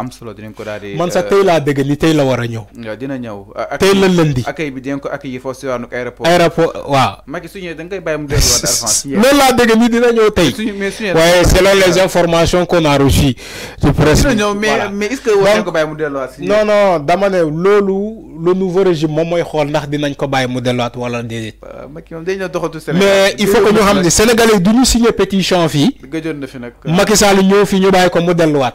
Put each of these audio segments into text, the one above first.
am solo dinañ ko daal di. man sax euh, tey laa dégg li tey la war a ñëw. waaw dina ñëw. tey la lëndi. accueil bi dinañ ko accueillir foofu si waanu aéroport. aéroport waaw. Macky su ñëwee da nga koy bàyyi mu delluwaat avance. loolu laa dégg ni dina ñëw tey. suñu mais suñu waaye selon les informations qu'on a reçu. ci presse dina ñëw mais mais est-ce que war nañ ko bàyyi mu delluwaat si. non non dama ne loolu le nouveau régime moom mooy xool ndax dinañ ko bàyyi mu delluwaat wala déedéet. Macky moom dañu doxatu Sénégal. mais il faut que ñu xam ne sénégalais du ñu signé pétition fii. gëjoon na fi nag. Macky Sall ñëw fi ñu bàyyi ko mu delluwaat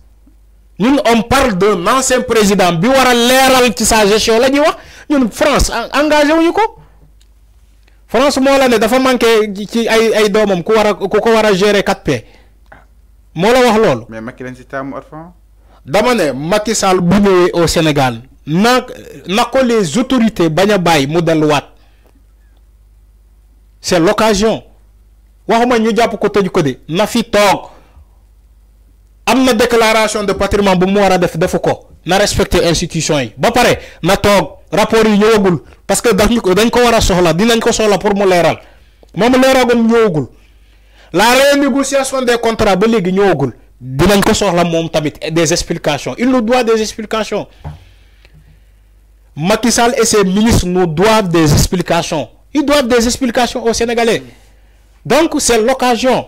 on parle d'un ancien président bi war a ci sa gestion la ñuy wax ñun France engagé wuñu ko France moo la ne dafa manqué ci ay ay doomam ku war a ku ko war gérer 4P moo la wax mais Macky lañ si taamu orphan dama ne Macky Sall bu au Sénégal na na ko les autorités bañ a bàyyi c'est l'occasion waxuma ñu jàpp ko côté ko côté. na fi toog amna déclaration de patrimoine bu mu war def defu na respecter institution yi ba paré na tok rapport yi parce que dañ ko dañ ko war a soxla dinañ ko soxla pour mu leeral moom leeragum yogul. la renégociation des contrats ba léegi ñëwagul dinañ ko soxla mom tamit des explications il nous doit des explications Macky Sall et ses ministres nous doivent des explications ils doivent des explications aux Sénégalais donc c'est l'occasion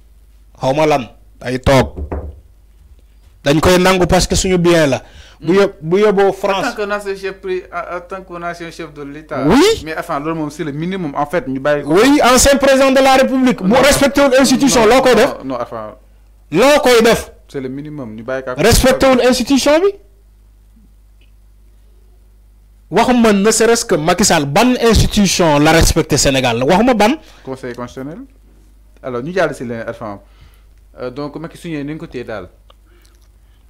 xaw ma lan day toog dañ koy nangu parce que suñu bien la. bu yób bu yóbboo France tant que ancien chef pri en tant que ancien chef de l'État. oui mais enfin loolu moom c'est le minimum en fait ñu bàyyi. oui ancien président de la République. bu respecté wul institution loo koy def. non enfin loo koy def. c'est le minimum ñu bàyyi respecté wul institution bi. waxuma ne serait-ce que Macky Sall ban institution la respecté Sénégal la waxuma ban. conseil constitutionnel alors ñu jàll si enfin Eh, donc Macky é nañ ko téye daal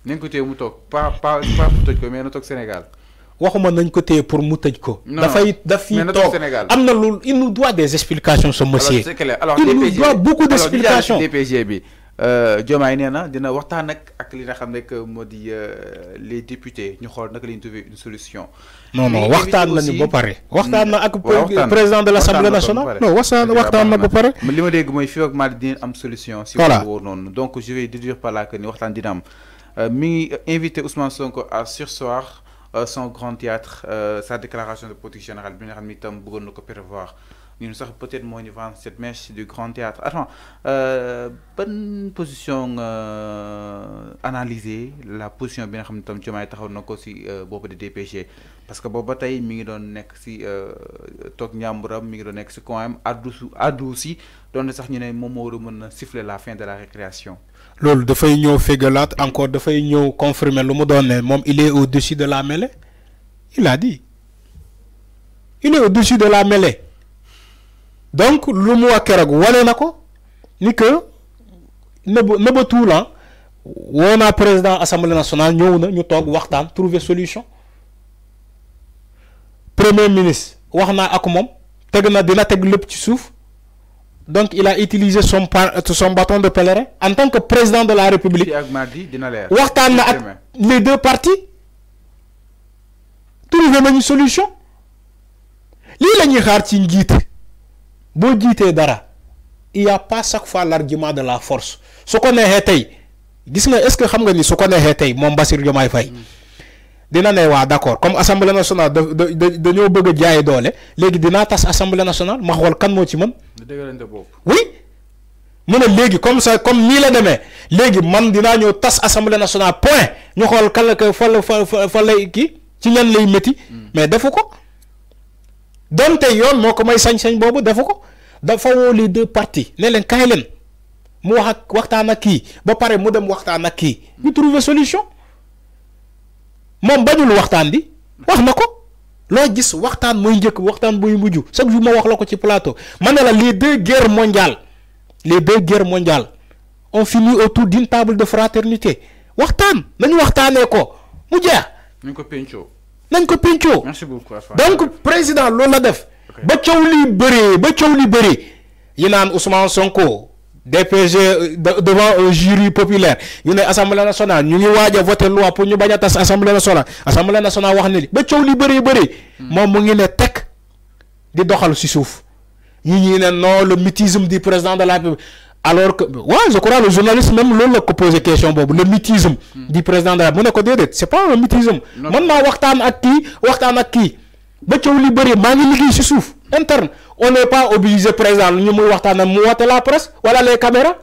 nañ ko téye mu toog pas pas pas mu tëj ko mais na toog Sénégal. waxuma nañ ko téye pour mu tëj ko. dafay daf fiy toog am na lu il nous doit des explications ce monsieur. alors c'est clair alors DPG nous doit beaucoup d'explications DPG bi. Euh, Diomaye nee na dina waxtaan ak ak li nga xam ne modi euh, les députés ñu xol nak la ñu trouver une solution. non non waxtaan nañu ba paré waxtaan na ak président de l'assemblée nationale. non waxtaan waxtaan na ba pare. li ma dégg moy fi ak Mali dina am solution. si wàllu woowu donc je vais déduire par là que ni waxtaan dina am. Euh, mi ngi invité Ousmane Sonko à sursoir son grand théâtre sa déclaration de politique générale bi nga xam ni itam bëggoon na ko prévoir ñun sax peut-être moo ñu vendre cette mèche du grand théâtre attends euh, ban position nga euh, analyser la position bien nga xam ne tam Diomaye taxaw na ko si de DPG parce que boobu ba tey mi ngi doon nekk si euh, toog njàmburam mi ngi doon nekk si coin addu addu si doon sax ñu ne moom moo war siffler la fin de la récréation. loolu dafay ñëw fégalaat encore dafay ñëw confirmer lu mu doon ne il est au-dessus de la mêlée il a dit il est au-dessus de la mêlée donc lu mu wax keroog wane na ko ni que nëbb tout la woo naa président assemblée nationale ñëw na ñu toog waxtaan trouver solution premier ministre wax naa ak moom teg na dina teg lépp ci suuf donc il a utilisé son son bâton de pèlerin en tant que président de la république waxtaan na ak les deux parties trouver nañu solution lii la ñuy xaar ci njiit il n'y a pas chaque fois l'argument de la force ce qu'on a tay est-ce que xam nga ni su ko fait, tay mom d'accord comme assemblée nationale de bëgg jaay doolé légui assemblée nationale ma kan oui mu ne comme ça comme nii la demee léegi man dinaa ñëw tas assemblée nationale point ñu xool kan la fa fa fa kii ci lay mm. mais defu donte yoon moo ko may sañ-sañ boobu dafa ko dafa woo les deux parties ne leen kaay leen mu wax ak waxtaan ak kii ba pare mu dem waxtaan ak kii ñu trouver solution moom bañul waxtaan di wax na ko loo gis waxtaan muy njëkk waxtaan buy mujj chaque jour ma wax la ko ci plateau ma ne la les deux guerres mondiales les deux guerres mondiales ont fini autour d'une table de fraternité waxtaan nañu waxtaanee ko mu jeex. ñu ko pencoo. nañ ko pencoo donc président loolu la def ba coow li bëree ba coow li bëree yi naan Ousmane Sonko DPG euh, devant un jury populaire ñu ne assemblée nationale ñu ngi waaj a voté loi pour ñu bañ a tas assemblée nationale assemblée nationale wax ne li ba coow li bëree bëree hmm. moom mu ngi ne tekk di doxal si suuf ñi ñi ne non le mutisme du président de la République alors que ouais je crois le journaliste même l'on la ko posé question bob le mutisme hmm. du président de la mu ne c'est pas un mutisme man ma waxtaan ak kii ak ki ba coow li bëri ngi interne on n'est pas obligé président ñu muy waxtaan mu la presse wala les caméras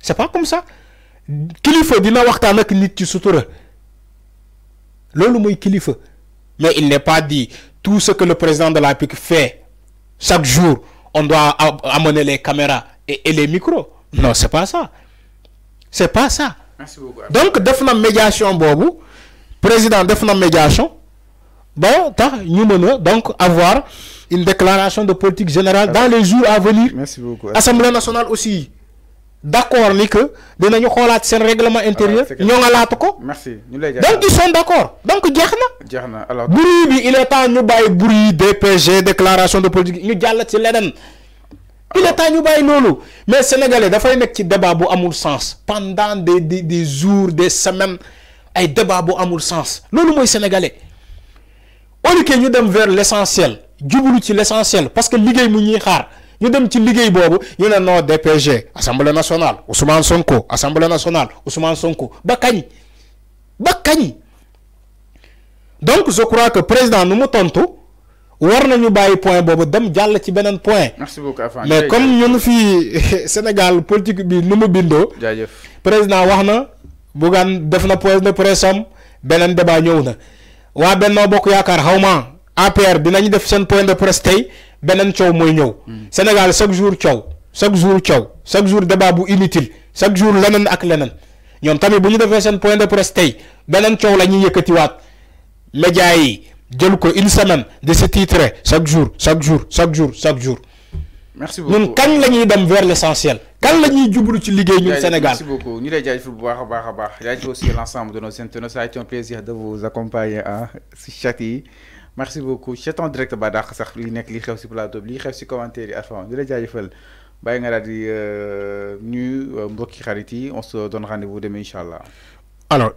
c'est pas comme ça kilifa dina waxtaan ak nit ci sutura loolu mooy kilifa mais il n'est pas dit tout ce que le président de la République fait chaque jour on doit amener les caméras et, les micros non c'est pas ça c'est pas ça Merci beaucoup. donc def na médiation bobo président def la médiation Bon, tax ñu donc avoir une déclaration de politique générale dans les jours à venir Merci beaucoup. assemblée nationale aussi d'accord ni que dinañu xoolaat un règlement intérieur un règlement intérieur Merci, donc ils sont d'accord donc un na Alors. bi il est temps de bàyyi bruit DPG déclaration de politique ñu il est à ñu bàyyi loolu mais sénégalais dafay nekk ci débat bu amul sens pendant des des des jours des semaines ay débat bu amul sens loolu mooy sénégalais au lieu que ñu dem vers l'essentiel essentiel jublu ci l'essentiel, parce que liggéey mu ñuy xaar ñu dem ci liggéey boobu ñu ne non DPG assemblée nationale Ousmane Sonko assemblée nationale Ousmane Sonko ba kañ ba donc je crois que président nous mu war ñu bàyyi point boobu dem jàll ci beneen point. merci beaucoup mais comme ñun fii Sénégal politique bi nu mu bindoo. jaajëf président wax na Bougane def na point de presse am beneen débat ñëw na waa Benno Bokk Yaakaar xaw ma bi nañu def seen point de presse tey beneen coow mooy ñëw. Hmm. Sénégal chaque jour coow chaque jour coow chaque jour débat bu inutile chaque jour leneen ak leneen ñoom tamit bu ñu defee seen point de presse tey beneen coow la ñuy yëkkatiwaat média yi. une semaine de ce titre chaque jour chaque jour chaque jour chaque jour. merci beaucoup Nous dem vers l'essentiel Sénégal de nos internautes a été un plaisir de vous accompagner à hein, ce merci beaucoup en direct sax li li xew plateau li xew commentaire ñu euh, euh, on se donne rendez vous demain alors.